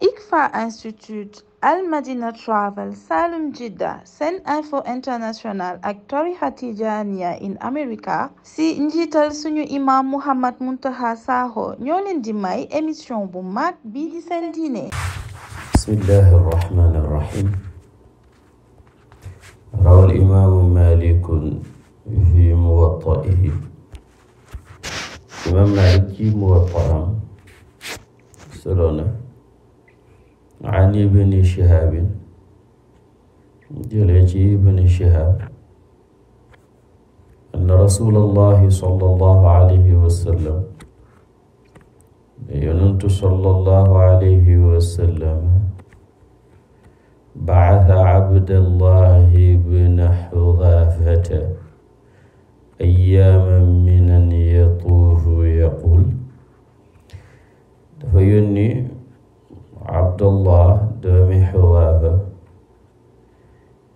ICFA Institute Al Madina Travel Salum Jidda SeneInfo International ak tarixa Tijaaniya in America si njiital suñu imam Mouhammad Muntaqa saho ñoo leen di may émission bu mag bii di seen bismillahi arrahmani arrahim rawal imaamu an ibni shihabin jëlee ci ibni shihab ann rasula allahi sallallahu alayhi wa sallam yonentu sallallahu alayhi wa sallam bacata abdallahi bna xudafata ayaaman min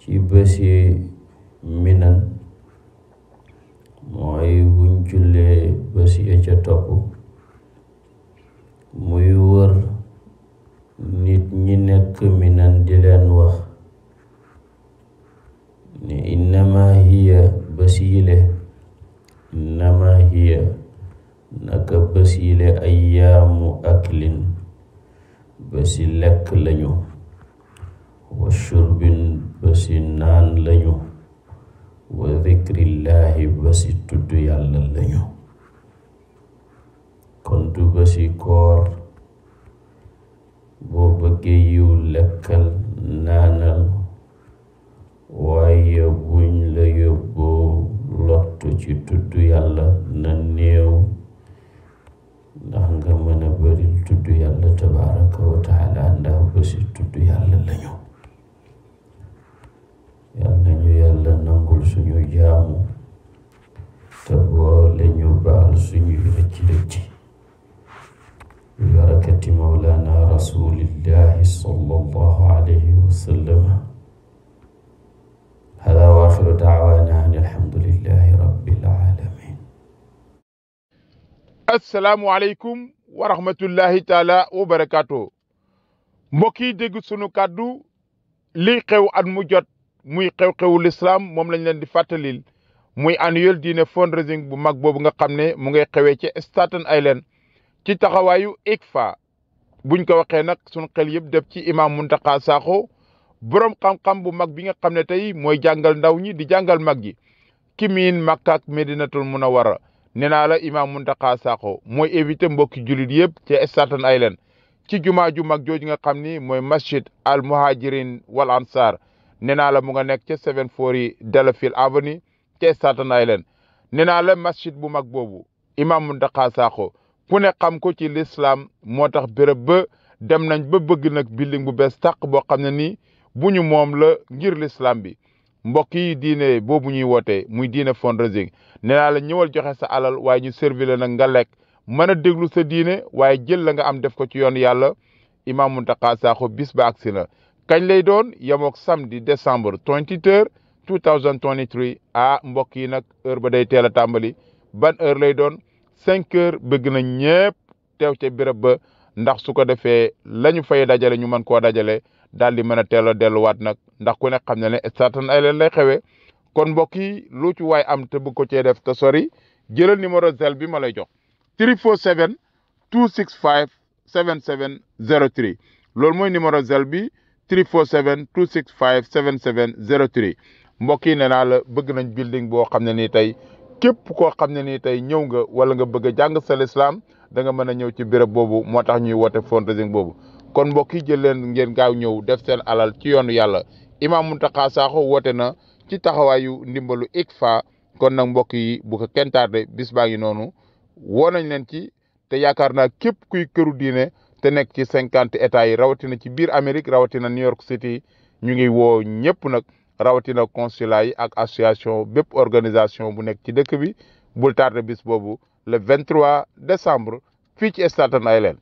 ci bés yi minan mooy buñ jullee bés ya ca topp muy wër nit ñi nekk minan di leen wax ne innama hiya bés yile innama hiya naka bés yile ayyaamu aklin bési lekk lañu wa shurbin basi naan lañu wa dhikrillahi basi tudd yàlla lañu kon du koor boo bëggee yiw lekkal naanal waaye buñ la yóbboo lottu ci tudd yàlla na néew ndax nga mën a bari tudd yàlla tabaraka wa taala ndax basi tudd yàlla ñu jaamu te boole ñu baal suñuy rëcc rëcc bi barakati mawlana rasulillahi sallallahu alayhi wa sallam hada wa axiru daawana an alhamdulillahi rabbil alamin assalaamu aleykum wa rahmatullahi taala wa barakaatu mbokk yi dégg sunu kàddu lii xew at mu jot muy xew-xewu lislaam moom lañ leen di fàttalil muy diine dîner fundraising bu mag boobu nga xam ne mu ngay xewee ci Staten ayleen ci taxawaayu ICFA buñ ko waxee nag suñ xel yëpp def ci imam Muntaqa saako borom xam-xam bu mag bi nga xam ne tey mooy jàngal ndaw ñi di jàngal mag ji ki miin Makka ak Medinatul Munawwara nee naa la imam Muntaqa saako mooy éviter mbokki jullit yëpp ci Staten Island ci jumaa ju mag jooju nga xam ni mooy masjid al muhajirin wal ansar nee naa la mu nga nekk ca 740 Delafield Avenue ca Staten Island nee naa la masjid bu mag boobu imam Mountakha Sakho ku ne xam ko ci lislaam moo tax béréb ba dem nañ ba bëgg nag building bu bees tàq boo xam ne nii bu ñu moom la ngir lislaam bi mbokk yi diine boobu ñuy wootee muy diine fundraising nee naa la ñëwal joxe sa alal waaye ñu servi nag nga lekk mën a déglu sa diine waaye jël la nga am def ko ci yoon yàlla imam Mountakha Sakho bis ba agsi na kañ lay doon yemook samedi décembre 23 2023 ah mbokk yi nag heure ba day teel a tàmbali ban heure lay doon cinq heures bëgg na ñëpp teew ca béréb ba ndax su ko defee lañu ñu fay dajale ñu mën koo dajale daal di mën a teel a delluwaat nag ndax ku ne xam na ne certain ay leen lay xewee kon mbokk yi lu ci waay am te bug ko cee def te sori jëlal numéro zel bi ma lay jox 347 265 7703 loolu mooy numéro zel bi 347 265 7703 mbokk yi nee naa la bëgg nañ building boo xam ne ni tey képp koo xam ne nii tey ñëw nga wala nga bëgg a jàng sa lislaam da nga mën a ñëw ci béréb boobu moo tax ñuy woote fundraising boobu kon mbokk yi jël leen ngeen gaaw ñëw def seen alal ci yoonu yàlla Imam taxaa Sakho woote na ci taxawaayu ndimbalu ICFA kon nag mbokk yi bu ko kenn bis baa ngi noonu woo nañ leen ci te yaakaar naa képp kuy këru diine te nekk ci cinquante états yi rawatina ci biir Amérique rawatina New York City ñu ngi woo ñëpp nag rawatina consulat ak association bépp organisation bu nekk ci dëkk bi bul tardé bis boobu le 23 décembre fii ci Staten Island